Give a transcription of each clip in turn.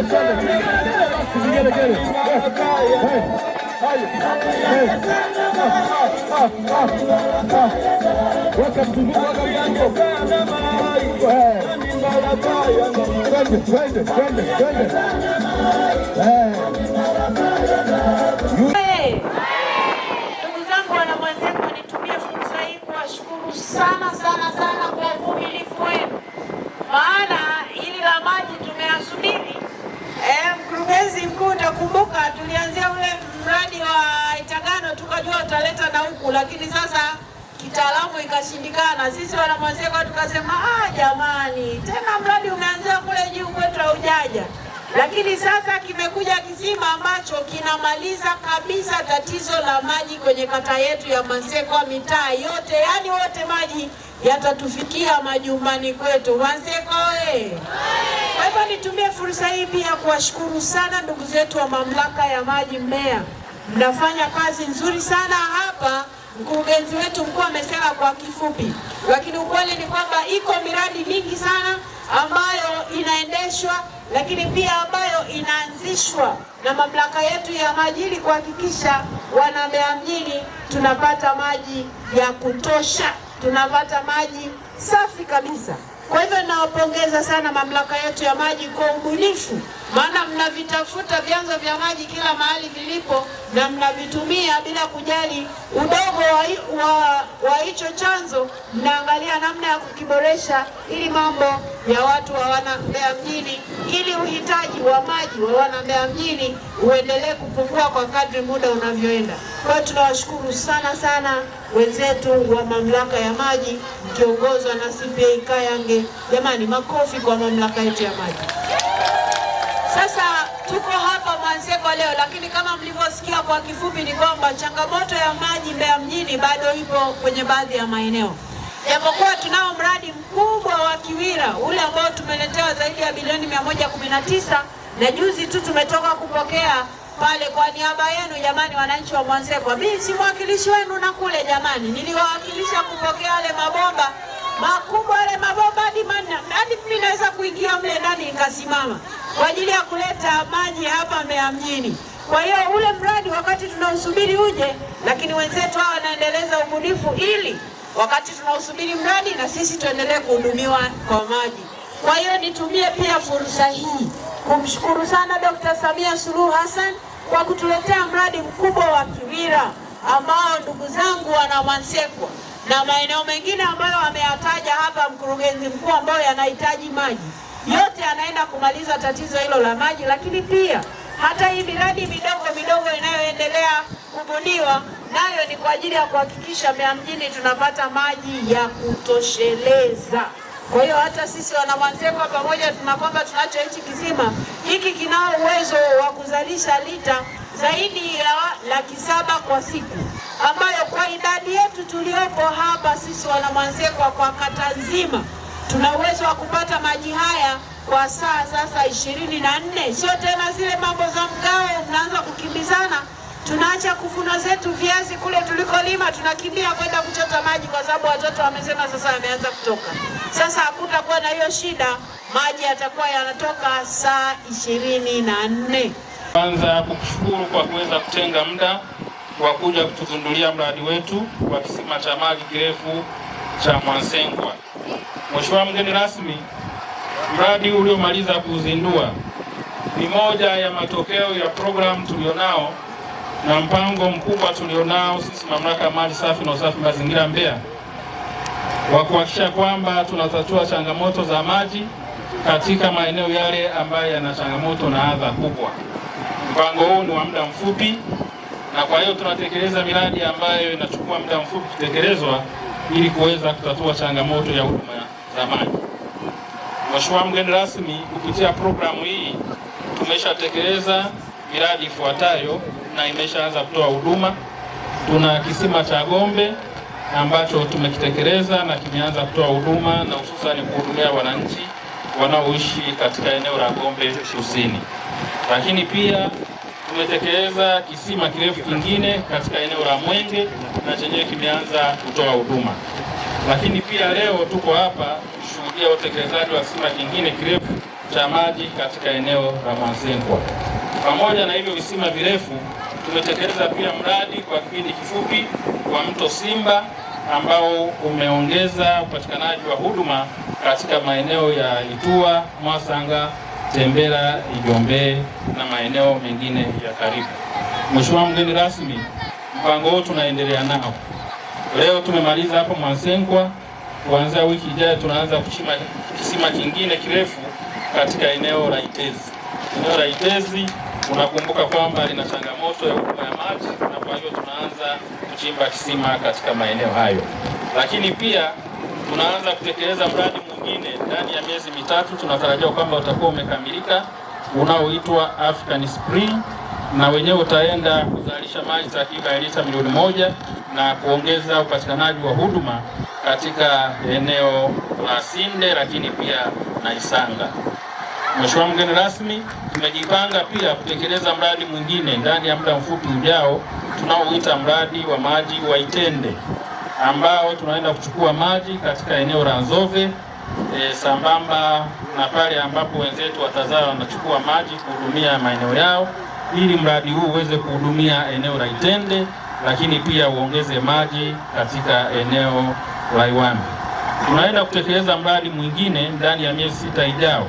Ndugu zangu wana Mwanzeko, nitumie fursa hii kuwashukuru sana sana sana kwa uvumilivu wenu. mwezi mkuu utakumbuka, tulianzia ule mradi wa Itagano tukajua utaleta na huku, lakini sasa kitaalamu ikashindikana. Sisi wanamwazeko tukasema ah, jamani, tena mradi umeanzia kule juu kwetu haujaja, lakini sasa kimekuja kisima ambacho kinamaliza kabisa tatizo la maji kwenye kata yetu ya Mansekwa, mitaa yote, yaani wote maji yatatufikia majumbani kwetu. Mansekwa oye! Kwa hivyo nitumie fursa hii pia kuwashukuru sana ndugu zetu wa mamlaka ya maji Mbeya, mnafanya kazi nzuri sana hapa. Mkurugenzi wetu mkuu amesema kwa kifupi, lakini ukweli ni kwamba iko miradi mingi sana ambayo inaendeshwa, lakini pia ambayo inaanzishwa na mamlaka yetu ya maji ili kuhakikisha wana Mbeya mjini tunapata maji ya kutosha, tunapata maji safi kabisa. Kwa hivyo nawapongeza sana mamlaka yetu ya maji kwa ubunifu, maana mnavitafuta vyanzo vya maji kila mahali vilipo na mnavitumia bila kujali udogo wa, wa, wa hicho chanzo. Mnaangalia namna ya kukiboresha ili mambo ya watu wa wana Mbeya mjini, ili uhitaji wa maji wa wana Mbeya mjini uendelee kupungua kwa kadri muda unavyoenda. Kwa hiyo tunawashukuru sana sana wenzetu wa mamlaka ya maji mkiongozwa na CPA Kayange Jamani, makofi kwa mamlaka yetu ya maji. Sasa tuko hapa Mwanzeko leo, lakini kama mlivyosikia kwa kifupi ni kwamba changamoto ya maji Mbeya mjini bado ipo kwenye baadhi ya maeneo, japokuwa tunao mradi mkubwa wa Kiwira ule ambao tumeletewa zaidi ya bilioni 119 na juzi tu tumetoka kupokea pale kwa niaba yenu jamani, wananchi wa Mwanzeko. Mimi si mwakilishi wenu na kule jamani, niliwawakilisha kupokea yale mabomba makubwa yale mabomba hadi manne, hadi mimi naweza kuingia mle ndani nikasimama kwa ajili ya kuleta maji hapa Mbeya mjini. Kwa hiyo ule mradi wakati tunausubiri uje, lakini wenzetu hawa wanaendeleza ubunifu ili wakati tunausubiri mradi na sisi tuendelee kuhudumiwa kwa maji. Kwa hiyo nitumie pia fursa hii kumshukuru sana Dr. Samia Suluhu Hassan kwa kutuletea mradi mkubwa wa Kiwira ambao ndugu zangu wana Mwansekwa na maeneo mengine ambayo wameyataja hapa mkurugenzi mkuu, ambayo yanahitaji maji yote, anaenda kumaliza tatizo hilo la maji. Lakini pia hata hii miradi midogo midogo inayoendelea kubuniwa nayo ni kwa ajili ya kuhakikisha Mbeya mjini tunapata maji ya kutosheleza. Kwa hiyo hata sisi wana Mwansekwa pamoja tuna kwamba tunacho hichi kisima hiki, kinao uwezo wa kuzalisha lita zaidi ya laki saba kwa siku, ambayo kwa idadi yetu tuliopo hapa sisi wanamwanzekwa kwa kata nzima tuna uwezo wa kupata maji haya kwa saa sasa ishirini na nne. Sio tena zile mambo za mgao, mnaanza kukimbizana, tunaacha kuvuna zetu viazi kule tulikolima, tunakimbia kwenda kuchota maji kwa sababu watoto wamesema sasa yameanza kutoka. Sasa hakutakuwa na hiyo shida, maji yatakuwa yanatoka saa ishirini na nne. Kwanza kukushukuru kwa kuweza kutenga muda wa kuja kutuzindulia mradi wetu wa kisima cha maji kirefu cha Mwansengwa. Mheshimiwa mgeni rasmi, mradi uliomaliza kuzindua ni moja ya matokeo ya programu tulionao na mpango mkubwa tulionao sisi mamlaka ya maji safi na usafi mazingira Mbeya wa kuhakikisha kwamba tunatatua changamoto za maji katika maeneo yale ambayo yana changamoto na adha kubwa. Mpango huu ni wa muda mfupi, na kwa hiyo tunatekeleza miradi ambayo inachukua muda mfupi kutekelezwa ili kuweza kutatua changamoto ya huduma za maji. Mheshimiwa mgeni rasmi, kupitia programu hii tumeshatekeleza miradi ifuatayo na imeshaanza kutoa huduma. Tuna kisima cha Gombe ambacho tumekitekeleza na kimeanza kutoa huduma na hususani kuhudumia wananchi wanaoishi katika eneo la Gombe Kusini. Lakini pia tumetekeleza kisima kirefu kingine katika eneo la Mwenge na chenyewe kimeanza kutoa huduma. Lakini pia leo tuko hapa kushuhudia utekelezaji wa kisima kingine kirefu cha maji katika eneo la Mazengwa. Pamoja na hivyo visima virefu, tumetekeleza pia mradi kwa kipindi kifupi wa mto Simba ambao umeongeza upatikanaji wa huduma katika maeneo ya Itua, Mwasanga, Tembela, Ijombee na maeneo mengine ya karibu. Mheshimiwa mgeni rasmi, mpango huu tunaendelea nao. Leo tumemaliza hapo Mwasengwa, kuanzia wiki ijayo tunaanza kuchimba kisima kingine kirefu katika eneo la Itezi. Eneo la Itezi Unakumbuka kwamba lina changamoto ya huduma ya maji, na kwa hiyo tunaanza kuchimba kisima katika maeneo hayo, lakini pia tunaanza kutekeleza mradi mwingine ndani ya miezi mitatu, tunatarajia kwamba utakuwa umekamilika, unaoitwa African Spring, na wenyewe utaenda kuzalisha maji takriban lita milioni moja na kuongeza upatikanaji wa huduma katika eneo la Sinde, lakini pia na Isanga. Mheshimiwa mgeni rasmi, tumejipanga pia kutekeleza mradi mwingine ndani ya muda mfupi ujao tunaoita mradi wa maji wa Itende ambao tunaenda kuchukua maji katika eneo la Nzove e, sambamba na pale ambapo wenzetu watazaa wanachukua maji kuhudumia maeneo yao, ili mradi huu uweze kuhudumia eneo la Itende, lakini pia uongeze maji katika eneo la Iwambi. Tunaenda kutekeleza mradi mwingine ndani ya miezi sita ijao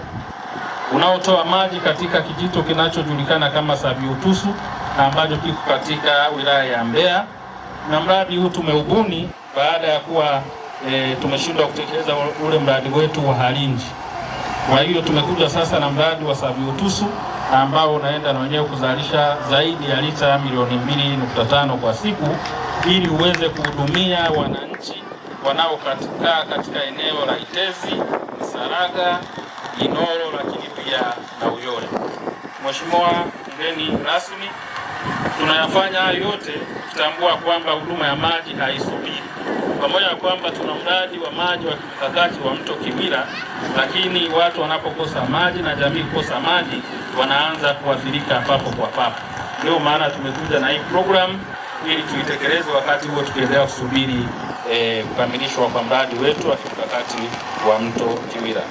unaotoa maji katika kijito kinachojulikana kama Sabiutusu na ambacho kiko katika wilaya ya Mbeya. Na mradi huu tumeubuni baada ya kuwa e, tumeshindwa kutekeleza ule mradi wetu wa Halinji. Kwa hiyo tumekuja sasa na mradi wa Sabiutusu ambao unaenda na wenyewe kuzalisha zaidi ya lita milioni 2.5 kwa siku ili uweze kuhudumia wananchi wanaokaa katika eneo la Itezi, Saraga, Inoro la pamoja na Uyole. Mheshimiwa mgeni rasmi, tunayafanya hayo yote kutambua kwamba huduma ya maji haisubiri. Pamoja na kwamba tuna mradi wa maji wa kimkakati wa mto Kiwira, lakini watu wanapokosa maji na jamii kukosa maji wanaanza kuathirika papo kwa papo. Ndio maana tumekuja na hii program ili tuitekeleze, wakati huo tukiendelea kusubiri eh, kukamilishwa kwa mradi wetu wa kimkakati wa mto Kiwira.